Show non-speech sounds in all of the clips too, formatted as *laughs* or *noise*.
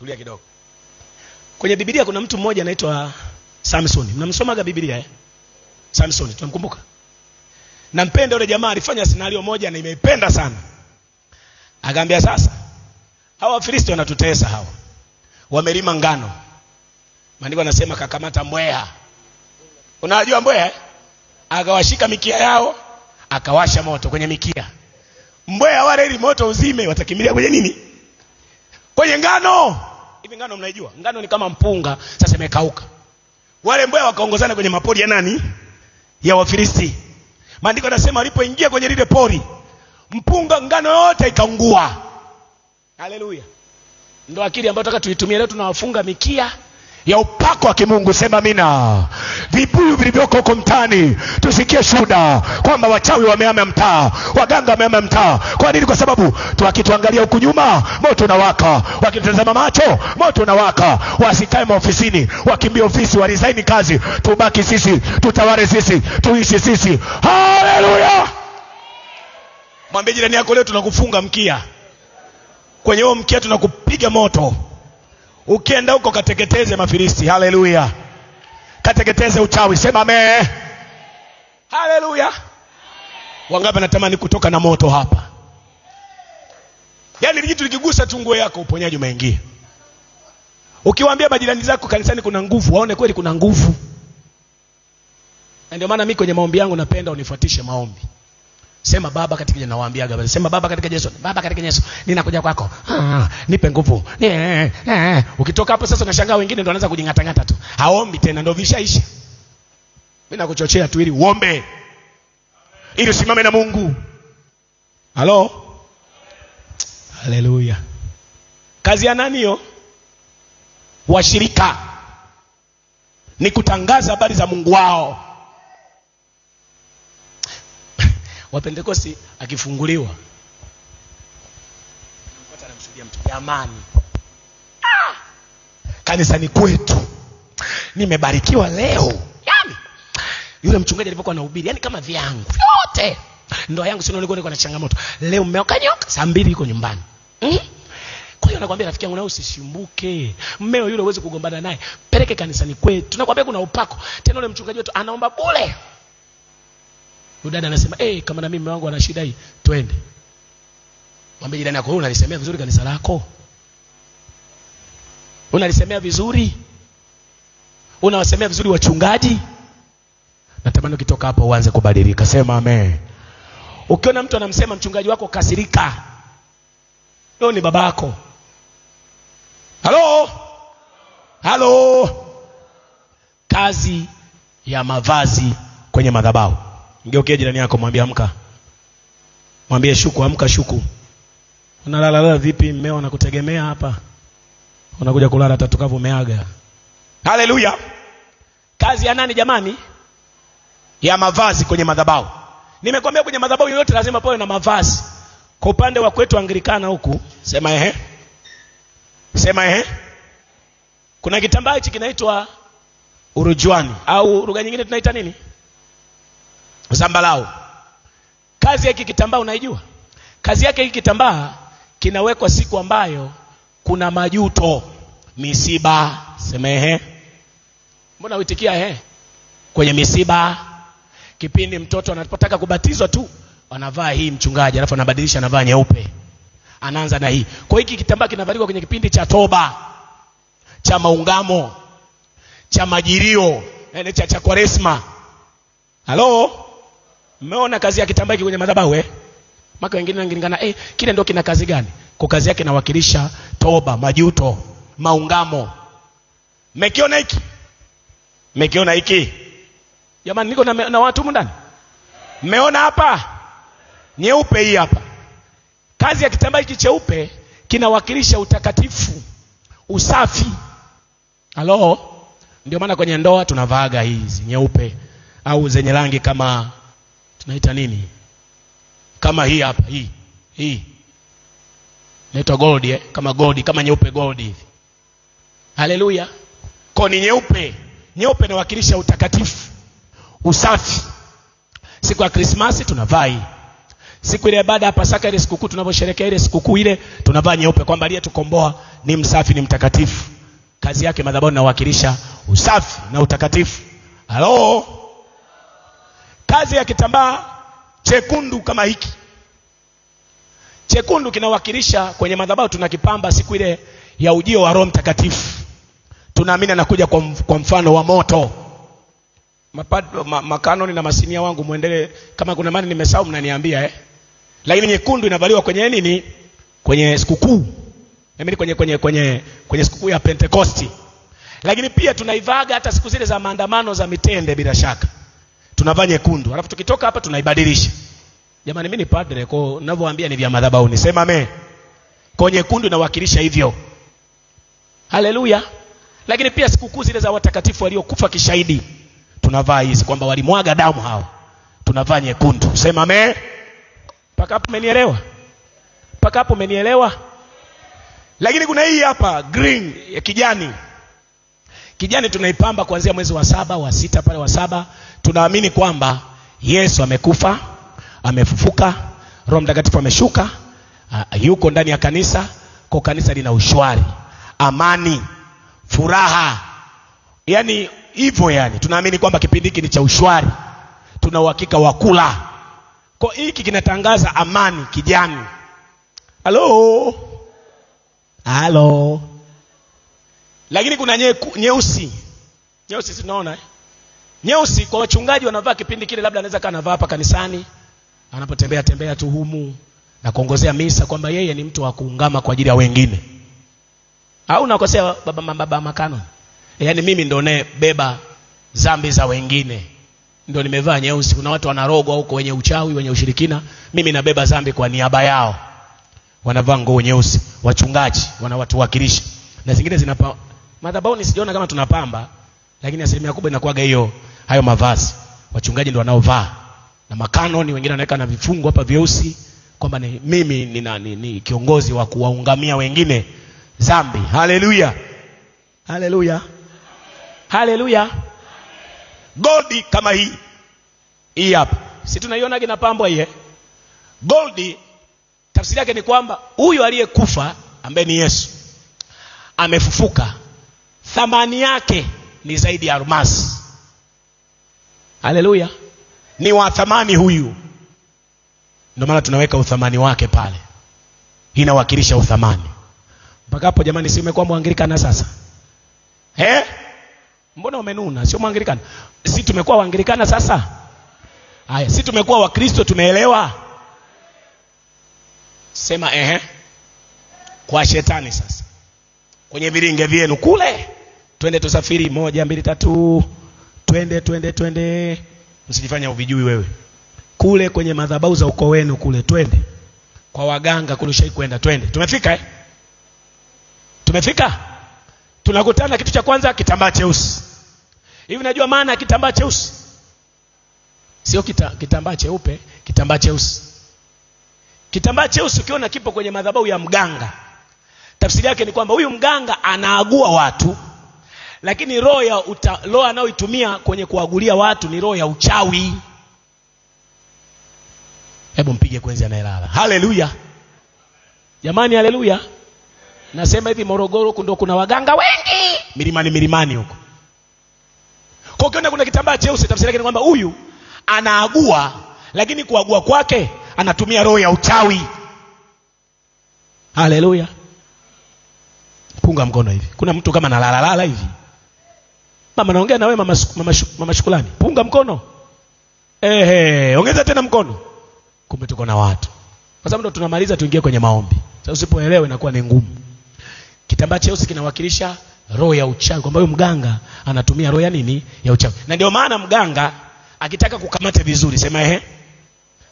tulia kidogo kwenye biblia kuna mtu mmoja anaitwa samsoni mnamsomaga biblia eh? samsoni tunamkumbuka nampenda yule jamaa alifanya sinario moja na imeipenda sana akaambia sasa hawa wafilisti wanatutesa hawa wamelima ngano maandiko anasema kakamata mbweha unajua mbweha eh? akawashika mikia yao akawasha moto kwenye mikia mbweha wale ili moto uzime watakimbilia kwenye nini kwenye ngano hivi ngano mnaijua? Ngano ni kama mpunga, sasa imekauka. Wale mbweha wakaongozana kwenye mapori ya nani? Ya Wafilisti. Maandiko yanasema walipoingia kwenye lile pori, mpunga ngano yote ikaungua. Haleluya! Ndio akili ambayo tunataka tuitumie leo, tunawafunga mikia ya upako wa kimungu, sema mina. Vibuyu vilivyoko huko mtaani, tusikie shuhuda kwamba wachawi wameama mtaa, waganga wameama mtaa. Kwa nini? Kwa sababu wakituangalia huku nyuma, moto unawaka, wakitazama macho, moto unawaka. Wasikae maofisini, wakimbia ofisi, warizaini kazi, tubaki sisi, tutaware sisi, tuishi sisi. Haleluya! Mwambie jirani yako, leo tunakufunga mkia, kwenye huo mkia tunakupiga moto. Ukienda huko kateketeze Mafilisti. Haleluya! Kateketeze uchawi, sema me. Haleluya! Wangapi anatamani kutoka na moto hapa? Yaani lijitu likigusa tu nguo yako uponyaji umeingia. Ukiwaambia majirani zako kanisani kuna nguvu, waone kweli kuna nguvu. Na ndio maana mimi kwenye maombi yangu napenda unifuatishe maombi. Sema Baba katika jina, nawaambia gaba. Sema Baba katika Yesu, Baba katika Yesu, ninakuja kwako, ah, nipe nguvu eh, eh, eh. Ukitoka hapo sasa, unashangaa wengine ndio wanaanza kujingatangata tu, haombi tena, ndio vishaisha. Mimi nakuchochea tu ili uombe, ili usimame na Mungu. Halo, haleluya. Kazi ya nani hiyo? Washirika ni kutangaza habari za Mungu wao. wa Pentekosti akifunguliwa anamshuhudia mtu jamani, ah, kanisani kwetu nimebarikiwa leo. Yani yule mchungaji alipokuwa anahubiri, yani kama vyangu vyote, ndoa yangu sio, nilikuwa niko na changamoto, leo mmeoka nyoka saa mbili iko nyumbani mm? Kwa hiyo nakwambia rafiki yangu, na usishumbuke. Mmeo yule uweze kugombana naye, peleke kanisani kwetu. Nakwambia kuna upako tena. Ule mchungaji wetu anaomba bure dada anasema, "Eh, kama na mimi wangu ana shida hii, twende." Mwambie jirani yako, unalisemea vizuri kanisa lako? Unalisemea vizuri? Unawasemea vizuri wachungaji? Natamani ukitoka hapa uanze kubadilika. Sema amen. Ukiona mtu anamsema mchungaji wako kasirika, huyo ni babako. Halo? Halo? Kazi ya mavazi kwenye madhabahu Mgeukie jirani yako, mwambie amka, mwambie shuku, amka shuku. unalalalala vipi? Mmeo anakutegemea hapa, unakuja kulala tatukavu umeaga Haleluya! Kazi ya nani jamani? Ya mavazi kwenye madhabahu. Nimekwambia kwenye madhabahu yoyote lazima pawe na mavazi. Kwa upande wa kwetu angrikana huku, sema ehe, sema ehe, kuna kitambaa hichi kinaitwa urujwani au lugha nyingine tunaita nini? kusambalau. Kazi ya hiki kitambaa unaijua? Kazi yake hiki kitambaa kinawekwa siku ambayo kuna majuto, misiba, semehe. Mbona uitikia he? Eh? Kwenye misiba, kipindi mtoto anapotaka kubatizwa tu anavaa hii mchungaji, alafu anabadilisha, anavaa nyeupe, anaanza na hii. Kwa hiki kitambaa kinavaliwa kwenye kipindi cha toba, cha maungamo, cha majirio, eh, cha cha Kwaresma. Halo? Mmeona kazi ya kitambaa kwenye madhabahu eh? Maka wengine wanalingana eh, kile ndio kina kazi gani? Kwa kazi yake inawakilisha toba, majuto, maungamo. Mmekiona hiki? Mmekiona hiki? Jamani niko na, na watu humu ndani. Mmeona hapa? Nyeupe hii hapa. Kazi ya kitambaa hiki cheupe kinawakilisha utakatifu, usafi. Halo? Ndio maana kwenye ndoa tunavaaga hizi nyeupe au zenye rangi kama tunaita nini kama hii hapa hii hii inaitwa gold eh? kama gold kama nyeupe gold hivi haleluya ko ni nyeupe nyeupe inawakilisha utakatifu usafi siku ya krismasi tunavaa hii siku ile baada ya pasaka ile sikukuu tunavyosherekea ile sikukuu ile tunavaa nyeupe kwamba aliyetukomboa ni msafi ni mtakatifu kazi yake madhabahu inawakilisha usafi na utakatifu halo kazi ya kitambaa chekundu kama hiki. Chekundu kinawakilisha kwenye madhabahu tunakipamba siku ile ya ujio wa Roho Mtakatifu. Tunaamini anakuja kwa, kwa mfano wa moto. Mapato, ma, na masinia wangu muendelee, kama kuna mani nimesahau mnaniambia eh. Lakini nyekundu inavaliwa kwenye nini? Kwenye sikukuu. Mimi kwenye kwenye kwenye kwenye sikukuu ya Pentekosti. Lakini pia tunaivaga hata siku zile za maandamano za mitende bila shaka tunavaa nyekundu, alafu tukitoka hapa tunaibadilisha. Jamani, mimi ni padre, kwa ninavyowaambia ni vya madhabahu, nisema amen. kwa nyekundu inawakilisha hivyo. Haleluya! Lakini pia sikukuu zile za watakatifu waliokufa kishahidi tunavaa hizi, kwamba walimwaga damu hao, tunavaa nyekundu. Sema amen. Mpaka hapo umenielewa? Mpaka hapo umenielewa? Lakini kuna hii hapa green ya kijani kijani tunaipamba kuanzia mwezi wa saba wa sita pale wa saba tunaamini kwamba Yesu amekufa, amefufuka, Roho Mtakatifu ameshuka, uh, yuko ndani ya kanisa, kwa kanisa lina ushwari, amani, furaha, yaani hivyo, yani tunaamini kwamba kipindi hiki ni cha ushwari, tuna uhakika wa kula. Kwa hiki kinatangaza amani kijani. Halo, halo, lakini kuna nyeusi nye nyeusi, tunaona eh? nyeusi kwa wachungaji wanavaa kipindi kile, labda anaweza kanavaa hapa kanisani anapotembea tembea tu humu na kuongozea misa kwamba yeye ni mtu wa kuungama kwa ajili ya wengine. Au nakosea baba baba makano? e, Yaani mimi ndo beba zambi za wengine. Ndo nimevaa nyeusi. Kuna watu wanarogwa huko wenye uchawi, wenye ushirikina, mimi nabeba zambi kwa niaba yao. Wanavaa nguo nyeusi, wachungaji wanawatuwakilisha. Na zingine zinapa madhabahuni, sijaona kama tunapamba, lakini asilimia kubwa inakuwaga hiyo hayo mavazi. Wachungaji ndio wanaovaa na makanoni, wengine wanaweka na vifungo hapa vyeusi kwamba ni mimi ni, ni, ni kiongozi wa kuwaungamia wengine dhambi. Haleluya, haleluya, haleluya! Goldi kama hii hii hapa, si tunaionage na pambo hii. Eh? Goldi tafsiri yake ni kwamba huyu aliyekufa ambaye ni Yesu amefufuka, thamani yake ni zaidi ya almasi. Haleluya, ni wa thamani huyu. Ndio maana tunaweka uthamani wake pale, inawakilisha uthamani. Mpaka hapo jamani, si umekuwa mwangirikana sasa eh? Mbona umenuna? Sio mwangirikana si tumekuwa waanglikana sasa? Haya, si tumekuwa Wakristo, tumeelewa? Sema ehe kwa shetani sasa, kwenye viringe vyenu kule, twende tusafiri, moja mbili tatu twende twende twende, msijifanya uvijui wewe. Kule kwenye madhabahu za ukoo wenu kule, twende kwa waganga kule, ushai kwenda? Twende. Tumefika eh? Tumefika, tunakutana. Kitu cha kwanza kitambaa cheusi. Hivi najua maana kitambaa cheusi? Sio kita, kitambaa cheupe, kitambaa cheusi. Kitambaa cheusi ukiona kipo kwenye madhabahu ya mganga, tafsiri yake ni kwamba huyu mganga anaagua watu lakini roho ya roho anayoitumia kwenye kuagulia watu ni roho ya uchawi. Hebu mpige kwenzi anayelala. Haleluya jamani, haleluya! Nasema hivi, Morogoro huku ndo kuna waganga wengi, milimani milimani huko. Kwa ukiona kuna kitambaa cheusi, tafsiri yake ni kwamba huyu anaagua, lakini kuagua kwake anatumia roho ya uchawi. Haleluya! Punga mkono hivi. Kuna mtu kama nalalalala hivi mama naongea na wewe mama, mama, mama shukulani punga mkono. Ehe, ongeza tena mkono. Kumbe tuko na watu. Kwa sababu ndo tunamaliza, tuingie kwenye maombi. Sasa usipoelewa inakuwa ni ngumu. Kitambaa cheusi kinawakilisha roho ya uchawi, kwamba huyo mganga anatumia roho ya nini? Ya uchawi. Na ndio maana mganga akitaka kukamata vizuri, sema ehe,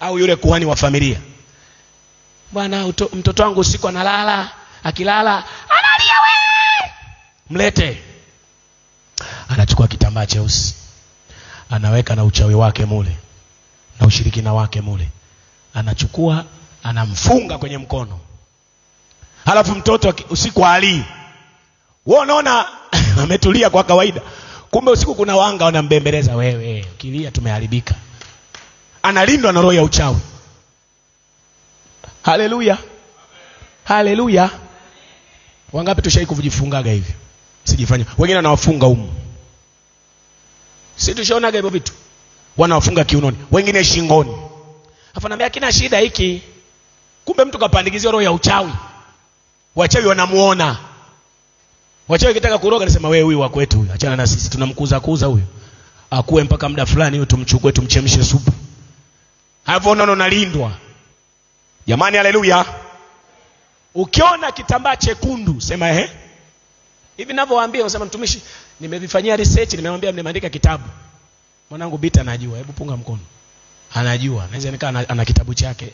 au yule kuhani wa familia, bwana, mtoto wangu usiku analala, akilala analia, wewe mlete Anachukua kitambaa cheusi anaweka na uchawi wake mule na ushirikina wake mule, anachukua anamfunga kwenye mkono, halafu mtoto usiku alii, wewe unaona *coughs* ametulia kwa kawaida, kumbe usiku kuna wanga wanambembeleza, wewe kilia tumeharibika. Analindwa na roho ya uchawi. Haleluya, haleluya! Wangapi tushai kujifungaga hivi? sijifanya wengine wanawafunga umu si tushaonaga hivyo vitu wanawafunga kiunoni wengine shingoni afu naambia kina shida hiki kumbe mtu kapandikizia roho ya uchawi wachawi wanamuona wachawi kitaka kuroga nasema wewe huyu wa kwetu huyu achana na sisi tunamkuza kuza huyu akuwe mpaka muda fulani huyu tumchukue tumchemshe supu hapo unaona nalindwa jamani haleluya ukiona kitambaa chekundu sema ehe Hivi ninavyowaambia unasema mtumishi, nimevifanyia research, nimemwambia nimeandika kitabu. Mwanangu Bita anajua, hebu punga mkono. Anajua, naweza nikaa ana, ana kitabu chake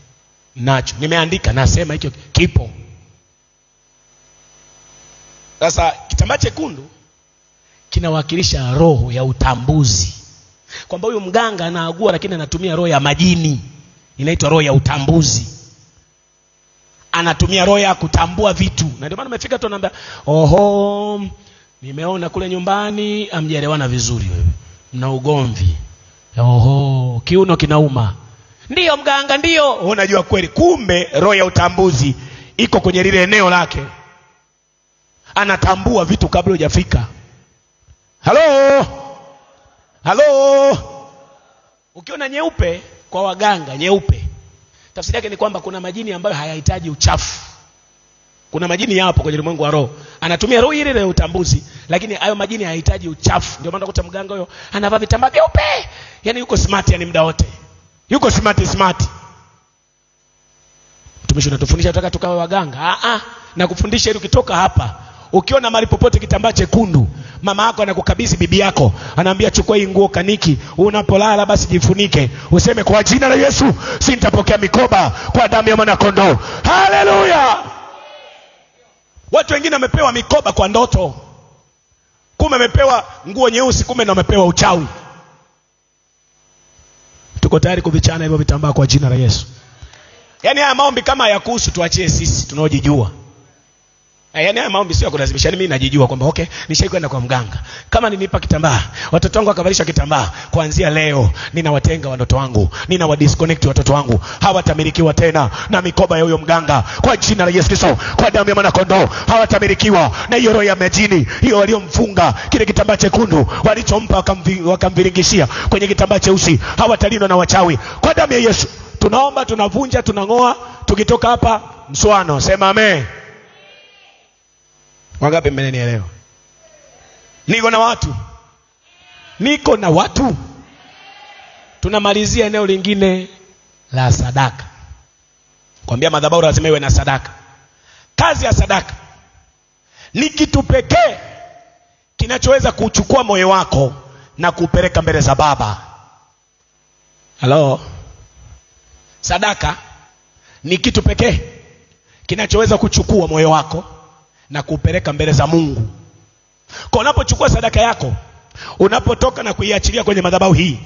nacho. Nimeandika nasema hicho kipo. Sasa kitambaa chekundu kinawakilisha roho ya utambuzi kwamba huyu mganga anaagua, lakini anatumia roho ya majini, inaitwa roho ya utambuzi anatumia roho ya kutambua vitu, na ndio maana umefika tu anaambia oho, nimeona kule nyumbani amjaelewana vizuri, wewe mna ugomvi, oho, kiuno kinauma. Ndiyo mganga, ndiyo unajua kweli. Kumbe roho ya utambuzi iko kwenye lile eneo lake, anatambua vitu kabla hujafika. Halo, halo, ukiona nyeupe kwa waganga nyeupe Tafsiri yake ni kwamba kuna majini ambayo hayahitaji uchafu. Kuna majini yapo kwenye ulimwengu wa roho, anatumia roho ile ya utambuzi, lakini hayo majini hayahitaji uchafu. Ndio maana utakuta mganga huyo anavaa vitambaa vyeupe, yani yuko smart, yani muda wote yuko smart smart. Mtumishi, unatufundisha tutaka tukawe waganga? Ah ah, nakufundisha ili ukitoka hapa Ukiona mahali popote kitambaa chekundu, mama yako anakukabidhi bibi yako, anaambia chukua hii nguo kaniki, unapolala basi jifunike, useme kwa jina la Yesu sintapokea mikoba kwa damu ya mwana kondoo. Haleluya! Watu wengine wamepewa mikoba kwa ndoto, kumbe amepewa nguo nyeusi, kumbe na amepewa uchawi. Tuko tayari kuvichana hivyo vitambaa kwa jina la Yesu. Yaani haya maombi kama hayakuhusu, tuachie sisi tunaojijua. Yaani haya maombi sio kulazimisha. Mimi najijua kwamba okay, nishaikwenda kwa mganga. Kama nilipa kitambaa, watoto wangu wakavalisha kitambaa, kuanzia leo ninawatenga watoto wangu, ninawa disconnect watoto wangu. Hawatamilikiwa tena na mikoba ya huyo mganga kwa jina la Yesu Kristo, kwa damu ya mwana kondoo. Hawatamilikiwa na hiyo roho ya majini, hiyo waliomfunga kile kitambaa chekundu walichompa wakamviringishia wakamvi kwenye kitambaa cheusi. Hawatalindwa na wachawi kwa damu ya Yesu. Tunaomba, tunavunja, tunang'oa, tukitoka hapa mswano. Sema amen. Wangapi mmenielewa? Niko na watu, niko na watu. Tunamalizia eneo lingine la sadaka. Kwambia madhabahu lazima iwe na sadaka. Kazi ya sadaka ni kitu pekee kinachoweza kuchukua moyo wako na kuupeleka mbele za Baba. Halo, sadaka ni kitu pekee kinachoweza kuchukua moyo wako na kupeleka mbele za Mungu. Kwa unapochukua sadaka yako, unapotoka na kuiachilia kwenye madhabahu hii,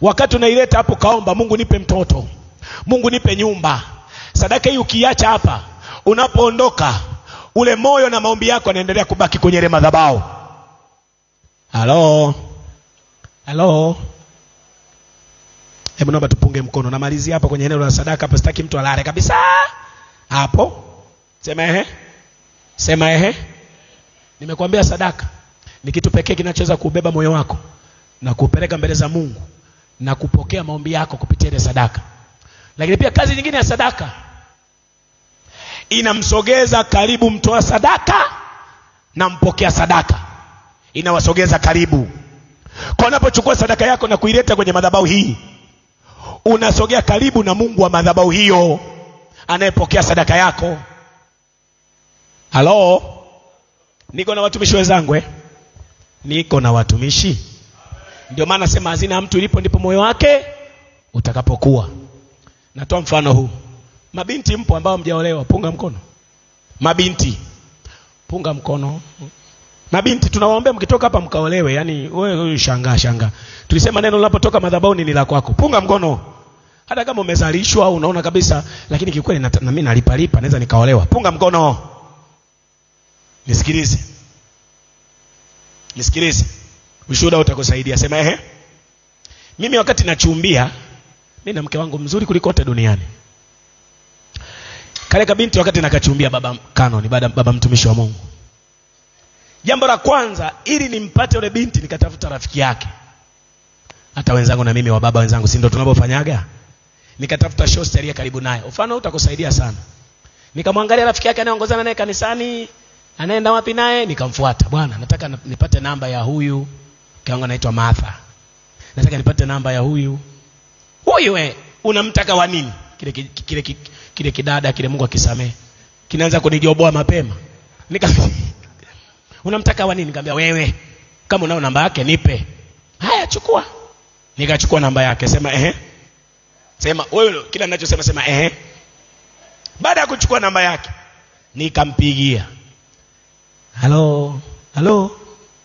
wakati unaileta hapo, kaomba Mungu, nipe mtoto, Mungu nipe nyumba. Sadaka hii ukiacha hapa, unapoondoka ule moyo na maombi yako yanaendelea kubaki kwenye ile madhabahu. Halo, halo, hebu naomba tupunge mkono. Namalizia hapa kwenye eneo la sadaka hapa, sitaki mtu alale kabisa hapo. Sema ehe. Sema ehe. nimekuambia sadaka ni kitu pekee kinachoweza kubeba moyo wako na kupeleka mbele za Mungu na kupokea maombi yako kupitia ile sadaka. Lakini pia kazi nyingine ya sadaka inamsogeza karibu mtoa sadaka na mpokea sadaka, inawasogeza karibu. Kwa unapochukua sadaka yako na kuileta kwenye madhabahu hii, unasogea karibu na Mungu wa madhabahu hiyo, anayepokea sadaka yako. Halo, niko na watumishi wenzangu eh? Niko na watumishi. Ndio maana nasema hazina ya mtu ilipo ndipo moyo wake utakapokuwa. Natoa mfano huu, mabinti mpo ambao mjaolewa, punga mkono. Mabinti punga mkono. Mabinti tunawaombea mkitoka hapa mkaolewe. Yani wewe shangaa shangaa, tulisema neno linapotoka madhabahuni ni la kwako, punga mkono hata kama umezalishwa unaona kabisa, lakini kikweli na mimi nalipalipa, naweza nikaolewa, punga mkono nisikilize nisikilize ushuhuda utakusaidia sema ehe mimi wakati nachumbia mi na mke wangu mzuri kuliko wote duniani kale kabinti wakati nakachumbia baba kanoni baba, baba mtumishi wa mungu jambo la kwanza ili nimpate yule binti nikatafuta rafiki yake hata wenzangu na mimi wa baba wenzangu si ndio tunavyofanyaga nikatafuta shosteri karibu naye ufano utakusaidia sana nikamwangalia rafiki yake anayeongozana naye kanisani anaenda wapi naye? Nikamfuata, bwana, nataka nipate namba ya huyu kiwango, anaitwa Martha, nataka nipate namba ya huyu huyu. We unamtaka wa nini? Kile, kile, kile, kile kidada kile, Mungu akisamehe, kinaanza kunijoboa mapema. Nika *laughs* unamtaka wa nini? Nikamwambia wewe, kama unao namba yake nipe. Haya, chukua. Nikachukua namba yake, sema ehe, sema wewe, kila ninachosema sema ehe. Baada ya kuchukua namba yake, nikampigia halo halo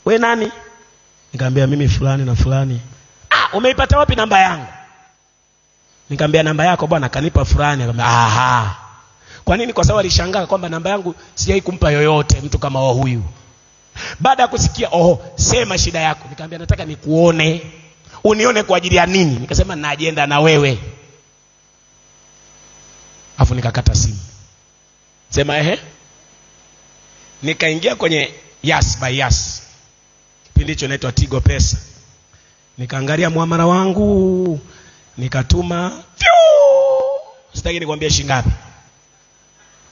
we nani nikamwambia mimi fulani na fulani ah umeipata wapi namba yangu nikamwambia namba yako bwana kanipa fulani akamwambia aha kwa nini kwa sababu alishangaa kwamba namba yangu sijai kumpa yoyote mtu kama wa huyu baada ya kusikia oho sema shida yako nikamwambia nataka nikuone unione kwa ajili ya nini nikasema na ajenda na wewe afu nikakata simu sema ehe nikaingia kwenye Yas by Yas, kipindi hicho naitwa Tigo Pesa. Nikaangalia mwamara wangu nikatuma, sitaki nikwambia shingapi ngapi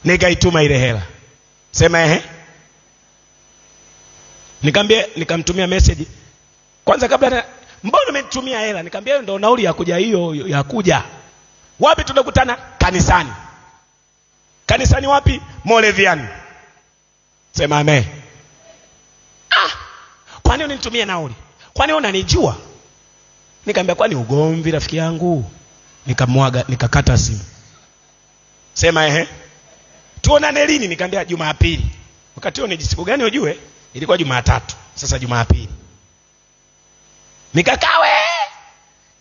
nikaituma ile hela, sema ehe, nikamwambia, nikamtumia message kwanza, kabla na, mbona umetumia hela? Nikamwambia ndio nauli ya kuja hiyo ya kuja. Wapi tunakutana? Kanisani. Kanisani wapi? moleviani Sema amen. Ah, kwa nini unitumie nauli? Kwa nini unanijua? Nikamwambia kwani ugomvi rafiki yangu? Nikamwaga nikakata simu. Sema ehe. Tuonane lini? Nikamwambia Jumapili. Wakati huo ni siku gani ujue? Ilikuwa Jumatatu. Sasa Jumapili. Nikakawe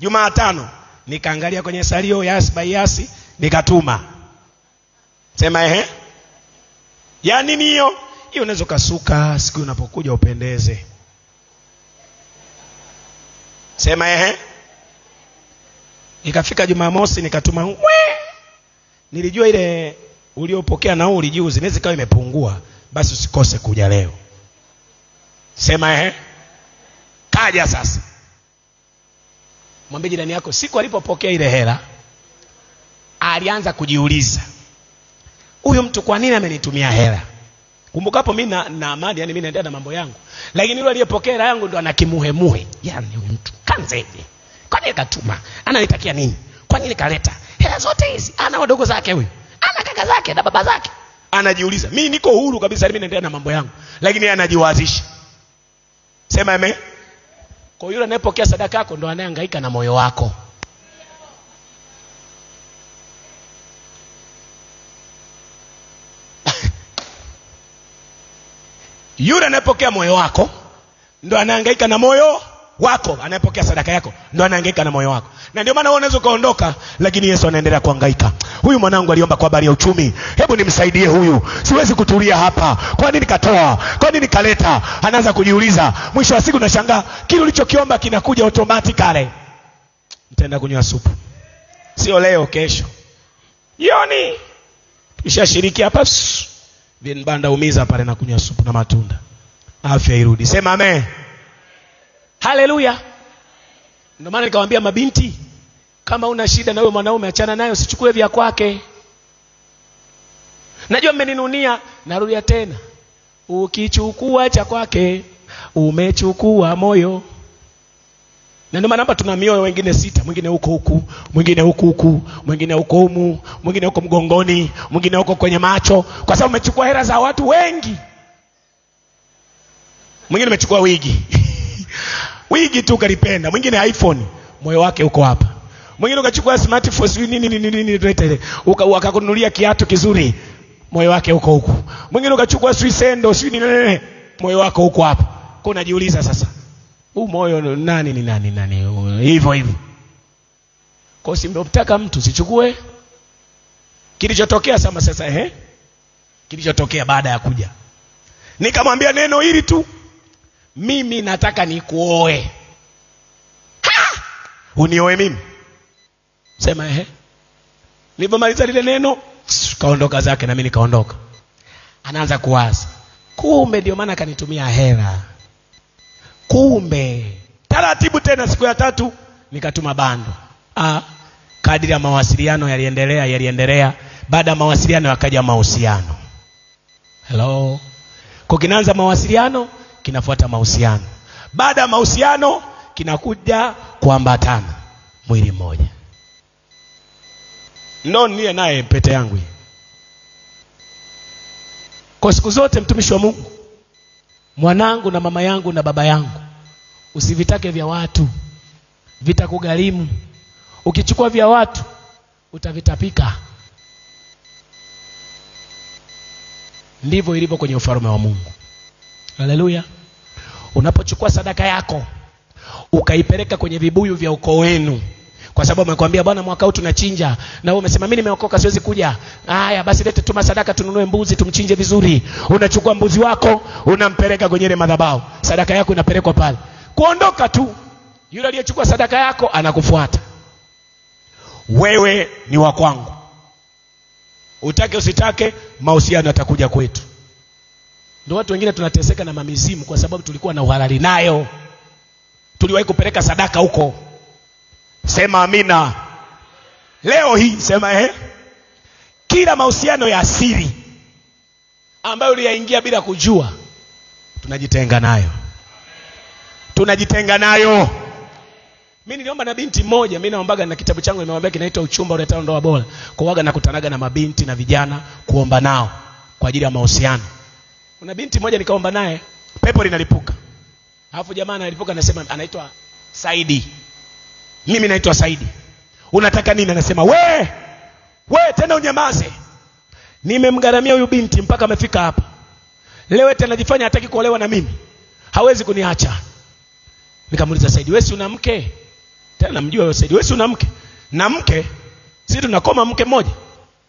Jumatano nikaangalia kwenye salio yasi by yasi nikatuma. Sema ehe. Ya nini hiyo? hiyo unaweza ukasuka siku unapokuja upendeze sema ehe ikafika jumamosi nikatuma mwe nilijua ile uliopokea nauli juzi inaweza ikawa imepungua basi usikose kuja leo sema ehe kaja sasa mwambie jirani yako siku alipopokea ile hela alianza kujiuliza huyu mtu kwa nini amenitumia hela Kumbuka hapo mimi na, na amani yani mimi naendea na mambo yangu. Lakini yule aliyepokea hela yangu ndo anakimuhemuhe. Yaani huyu mtu kanzeje? Kwani akatuma Ananitakia nini? nini kaleta Hela zote hizi ana wadogo zake huyu. Ana kaka zake na baba zake. Anajiuliza, mimi niko huru kabisa mimi naendea na mambo yangu. Lakini yeye anajiwazisha. Sema amen. Kwa yule anayepokea sadaka yako ndo anayehangaika na moyo wako. Yule anayepokea moyo wako ndo anahangaika na moyo wako, anayepokea sadaka yako ndo anahangaika na moyo wako, na ndio maana wewe unaweza ukaondoka, lakini Yesu anaendelea kuhangaika. Huyu mwanangu aliomba kwa habari ya uchumi, hebu nimsaidie huyu, siwezi kutulia hapa. Kwa nini katoa? Kwa nini kaleta? Anaanza kujiuliza. Mwisho wa siku nashangaa kile ulichokiomba kinakuja automatically. Nitaenda kunywa supu, sio leo, kesho jioni, tushashiriki hapa psu vinbanda umiza pale na kunywa supu na matunda, afya irudi. Sema amen, haleluya. Ndio maana nikamwambia mabinti, kama una shida na huyo mwanaume achana nayo, usichukue vya kwake. Najua mmeninunia, narudia tena, ukichukua cha kwake umechukua moyo na ndio maana hapa tuna mioyo wengine sita, mwingine huko huku, mwingine huku huku, mwingine huko humu, mwingine huko mgongoni, mwingine huko kwenye macho, kwa sababu umechukua hela za watu wengi. Mwingine umechukua wigi *laughs* wigi tu ukalipenda, mwingine iPhone, moyo wake uko hapa. Mwingine ukachukua smartphone sijui nini nini nini, ukakununulia kiatu kizuri, moyo wake uko huku. Mwingine ukachukua sui sendo sijui nini, moyo wako uko hapa. Kwa unajiuliza sasa huu moyo nani ni nani nani, hivyo hivyo. Kwa simemtaka mtu sichukue kilichotokea sama sasa, ehe, kilichotokea baada ya kuja, nikamwambia neno hili tu, mimi nataka nikuoe. Unioe mimi? Sema ehe. Nilipomaliza lile neno, kaondoka zake, na mimi nikaondoka. Anaanza kuwaza, kumbe ndio maana akanitumia hela Kumbe taratibu tena, siku ya tatu nikatuma bando. Ah, kadiri ya mawasiliano yaliendelea yaliendelea, baada ya mawasiliano yakaja mahusiano. Hello, kwa kinaanza mawasiliano, kinafuata mahusiano, baada ya mahusiano kinakuja kuambatana, mwili mmoja. Ndo niye naye pete yangu hii. Kwa siku zote mtumishi wa Mungu mwanangu na mama yangu na baba yangu. Usivitake vya watu, vitakugharimu. Ukichukua vya watu utavitapika. Ndivyo ilivyo kwenye ufalme wa Mungu. Haleluya! Unapochukua sadaka yako ukaipeleka kwenye vibuyu vya ukoo wenu kwa sababu amekwambia bwana, mwaka huu tunachinja, na wewe umesema mimi nimeokoka, siwezi kuja. Haya basi, lete tuma sadaka, tununue mbuzi, tumchinje vizuri. Unachukua mbuzi wako unampeleka kwenye ile madhabahu, sadaka yako inapelekwa pale. Kuondoka tu, yule aliyechukua sadaka yako anakufuata wewe. Ni wa kwangu, utake usitake, mahusiano yatakuja kwetu. Ndio watu wengine tunateseka na mamizimu kwa sababu tulikuwa na uhalali nayo, tuliwahi kupeleka sadaka huko Sema amina. Leo hii sema eh, kila mahusiano ya siri ambayo uliyaingia bila kujua, tunajitenga nayo, tunajitenga nayo. Mi niliomba na binti mmoja, mi naombaga na kitabu changu nimemwambia kinaitwa Uchumba Uletao Ndoa Bora. Kwawaga nakutanaga na mabinti na vijana kuomba nao kwa ajili ya mahusiano. Kuna binti mmoja nikaomba naye, pepo linalipuka, alafu jamaa analipuka, anasema anaitwa Saidi mimi naitwa Saidi, unataka nini? Anasema we we, tena unyamaze, nimemgharamia huyu binti mpaka amefika hapa leo, tena anajifanya hataki kuolewa na mimi, hawezi kuniacha. Nikamuuliza, Saidi wewe si una mke? Tena namjua wewe Saidi, wewe si una mke? Na mke sisi tunakoma mke mmoja,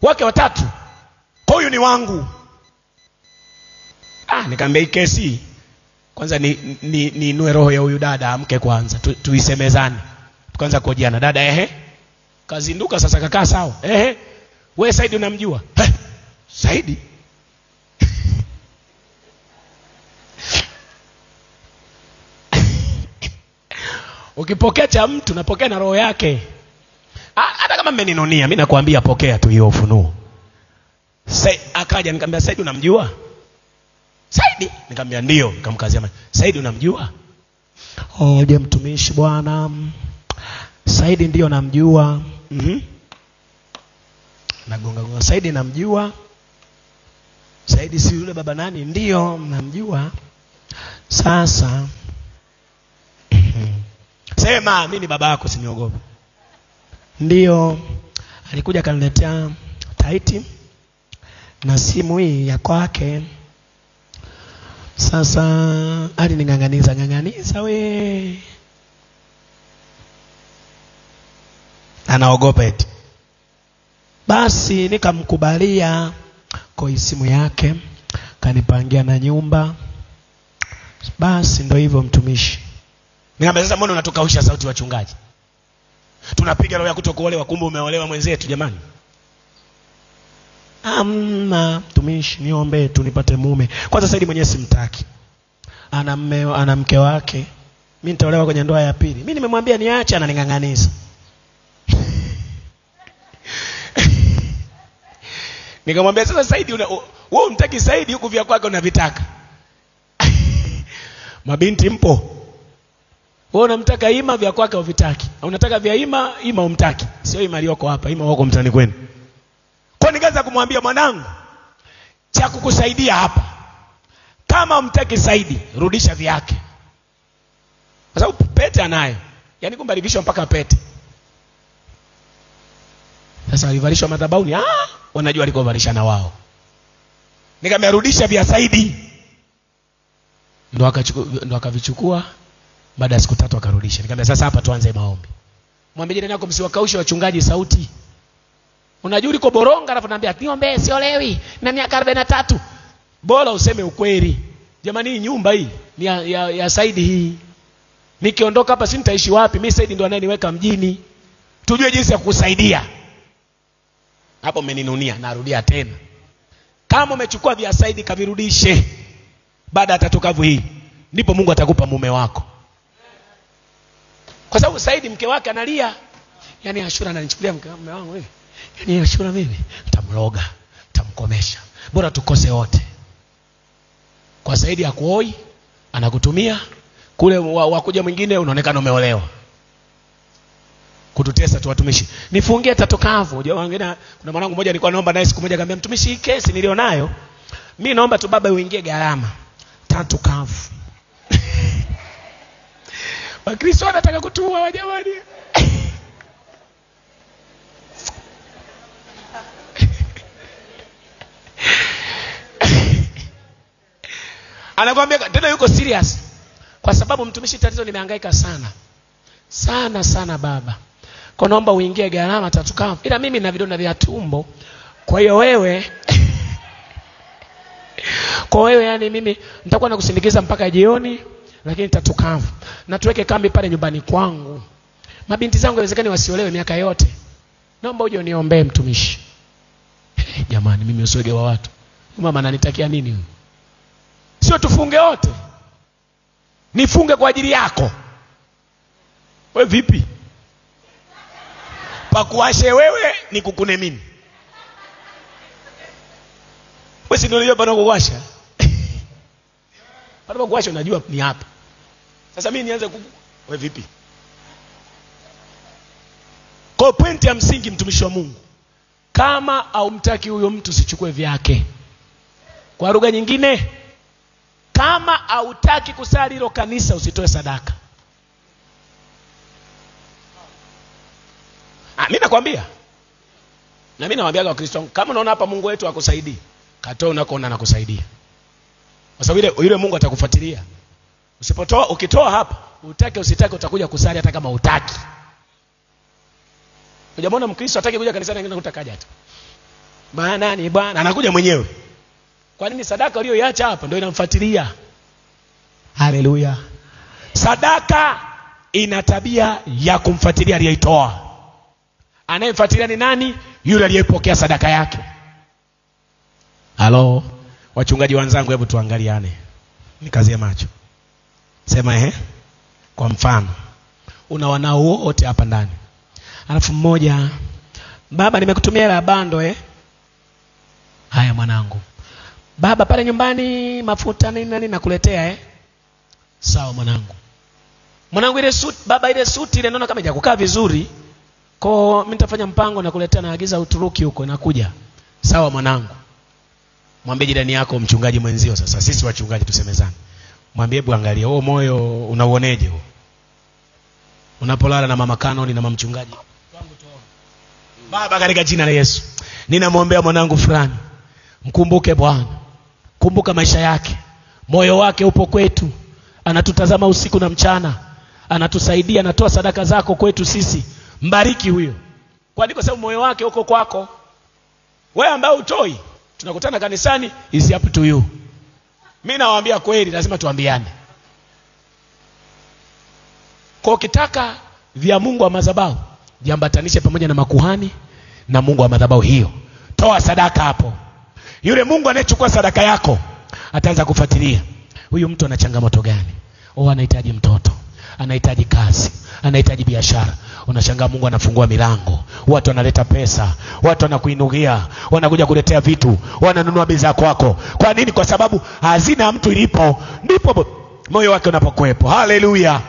wake watatu, huyu ni wangu. Ah, nikamwambia hii kesi kwanza niinue ni, ni, ni roho ya huyu dada amke kwanza tu, tuisemezane Tukaanza kuhojiana, dada, ehe, kazinduka sasa, kakaa sawa, ehe, we Saidi unamjua Saidi *laughs* ukipokea cha mtu napokea na roho yake. Ah, hata kama mmeninunia, mi nakwambia pokea tu hiyo ufunuo. Akaja nikamwambia Saidi unamjua Saidi? Nikamwambia ndio. Nikamkazia Saidi unamjua? Oje oh, mtumishi bwana Saidi ndio namjua. mm nagonga gonga. Saidi namjua. Saidi si yule baba nani? ndio namjua. Sasa *clears throat* sema, mimi ni baba yako, usiniogope. ndio alikuja akaniletea taiti na simu hii ya kwake. Sasa alining'ang'aniza ng'ang'aniza, we anaogopa eti. Basi nikamkubalia koi simu yake, kanipangia na nyumba. Basi ndo hivyo mtumishi. Nikamwambia sasa, mbona unatukausha sauti wachungaji? Tunapiga roho ya kutokuolewa, kumbe umeolewa mwenzetu jamani. Amna mtumishi, niombe tu nipate mume kwanza. Saidi mwenyewe simtaki, ana mume, ana mke wake. Mimi nitaolewa kwenye ndoa ya pili. Mimi nimemwambia niache, ananing'ang'aniza. Nikamwambia sasa, Saidi wewe umtaki Saidi huku vya kwake unavitaka. *laughs* Mabinti mpo? Wewe unamtaka Ima vya kwake uvitaki. Unataka vya Ima, Ima umtaki. Sio Ima aliyoko hapa, Ima wako mtani kwenu. Kwa nikaanza kumwambia mwanangu, cha kukusaidia hapa. Kama umtaki Saidi, rudisha vyake. Kwa sababu pete anayo. Yaani kumbe alivishwa mpaka pete. Sasa walivalishwa madhabauni ah, wanajua alikovalisha na wao. Nikamwambia rudisha vya Saidi, ndo akachukua ndo akavichukua. Baada ya siku tatu akarudisha. Nikamwambia sasa hapa tuanze maombi. Mwambie jirani yako msiwakaushe wachungaji sauti. Unajua uliko boronga, alafu naambia niombee, siolewi na miaka 43. Bora useme ukweli. Jamani, hii nyumba hii ni ya, ya, ya Saidi hii. Nikiondoka hapa si nitaishi wapi? Mimi Saidi ndo anayeniweka mjini. Tujue jinsi ya kukusaidia. Hapo umeninunia, narudia tena, kama umechukua vya Saidi kavirudishe. Baada ya tatokavu hii, ndipo Mungu atakupa mume wako, kwa sababu Saidi mke wake analia, yani Ashura ananichukulia mume wangu hivi, yani Ashura mimi nitamroga, nitamkomesha, bora tukose wote. Kwa Saidi akuoi, anakutumia kule, wakuja mwingine unaonekana umeolewa kututesa tu watumishi. Nifungie tatokavyo. Kuna mwanangu mmoja alikuwa naomba naye siku moja akamwambia mtumishi, hii kesi nilionayo mimi naomba tu baba uingie gharama tatu kavu. *laughs* Wakristo anataka kutua jamani. *laughs* Anakwambia tena yuko serious. Kwa sababu mtumishi, tatizo nimehangaika sana sana sana baba kwa naomba uingie gharama atatukana. Ila mimi na vidonda vya tumbo. Kwa hiyo wewe *laughs* Kwa wewe yani mimi nitakuwa nakusindikiza mpaka jioni lakini nitatukavu. Na tuweke kambi pale nyumbani kwangu. Mabinti zangu inawezekani wasiolewe miaka yote. Naomba uje uniombee mtumishi. Hey, jamani mimi usoge wa watu. Mama ananitakia nini huyu? Sio tufunge wote. Nifunge kwa ajili yako. We vipi? pakuwashe wewe ni kukune mimi wesi ndio unajua panakokuwasha *laughs* panapokuwasha unajua ni hapa sasa mimi nianze kuku we vipi kwa pointi ya msingi mtumishi wa mungu kama haumtaki huyo mtu usichukue vyake kwa lugha nyingine kama hautaki kusali hilo kanisa usitoe sadaka ah, mi nakwambia na mi nawambiaga wakristo kama unaona hapa mungu wetu akusaidii katoa unakoona anakusaidia kwa sababu yule, yule mungu atakufuatilia usipotoa ukitoa hapa utake usitake utakuja kusali hata kama utaki ujamwona mkristo ataki kuja kanisani angine utakaja tu maana ni bwana anakuja mwenyewe kwa nini sadaka uliyoiacha hapa ndio inamfuatilia haleluya sadaka ina tabia ya kumfuatilia aliyeitoa Anayemfuatilia ni nani? Yule aliyepokea sadaka yake. Halo, wachungaji wenzangu, hebu tuangaliane, nikazie macho. Sema ehe. Kwa mfano, una wanao wote hapa ndani, alafu mmoja, baba, nimekutumia hela bando eh? Haya mwanangu, baba, pale nyumbani mafuta nini nani nakuletea eh? Sawa mwanangu. Mwanangu, ile suti baba, ile suti ile naona kama haijakukaa vizuri kwa mimi nitafanya mpango na kuletea naagiza Uturuki huko nakuja. Sawa mwanangu. Mwambie jirani yako mchungaji mwenzio sasa sisi wachungaji tusemezane. Mwambie hebu angalia huo moyo unauoneje huo? Unapolala na mama Kanoni na mama mchungaji. Baba katika jina la Yesu. Ninamwombea mwanangu fulani. Mkumbuke Bwana. Kumbuka maisha yake. Moyo wake upo kwetu. Anatutazama usiku na mchana. Anatusaidia, anatoa sadaka zako kwetu sisi mbariki huyo. Kwani kwa sababu moyo wake uko kwako. Wewe ambaye utoi, tunakutana kanisani, is up to you. Mimi nawaambia kweli, lazima tuambiane. Kwa ukitaka vya Mungu wa madhabahu, jiambatanishe pamoja na makuhani na Mungu wa madhabahu hiyo. Toa sadaka hapo. Yule Mungu anayechukua sadaka yako ataanza kufuatilia. Huyu mtu ana changamoto gani? Oh, anahitaji mtoto, anahitaji kazi, anahitaji biashara. Unashangaa Mungu anafungua milango, watu wanaleta pesa, watu wanakuinugia, wanakuja kuletea vitu, wananunua bidhaa kwako. Kwa nini? Kwa sababu hazina mtu ilipo ndipo moyo wake unapokuwepo. Haleluya!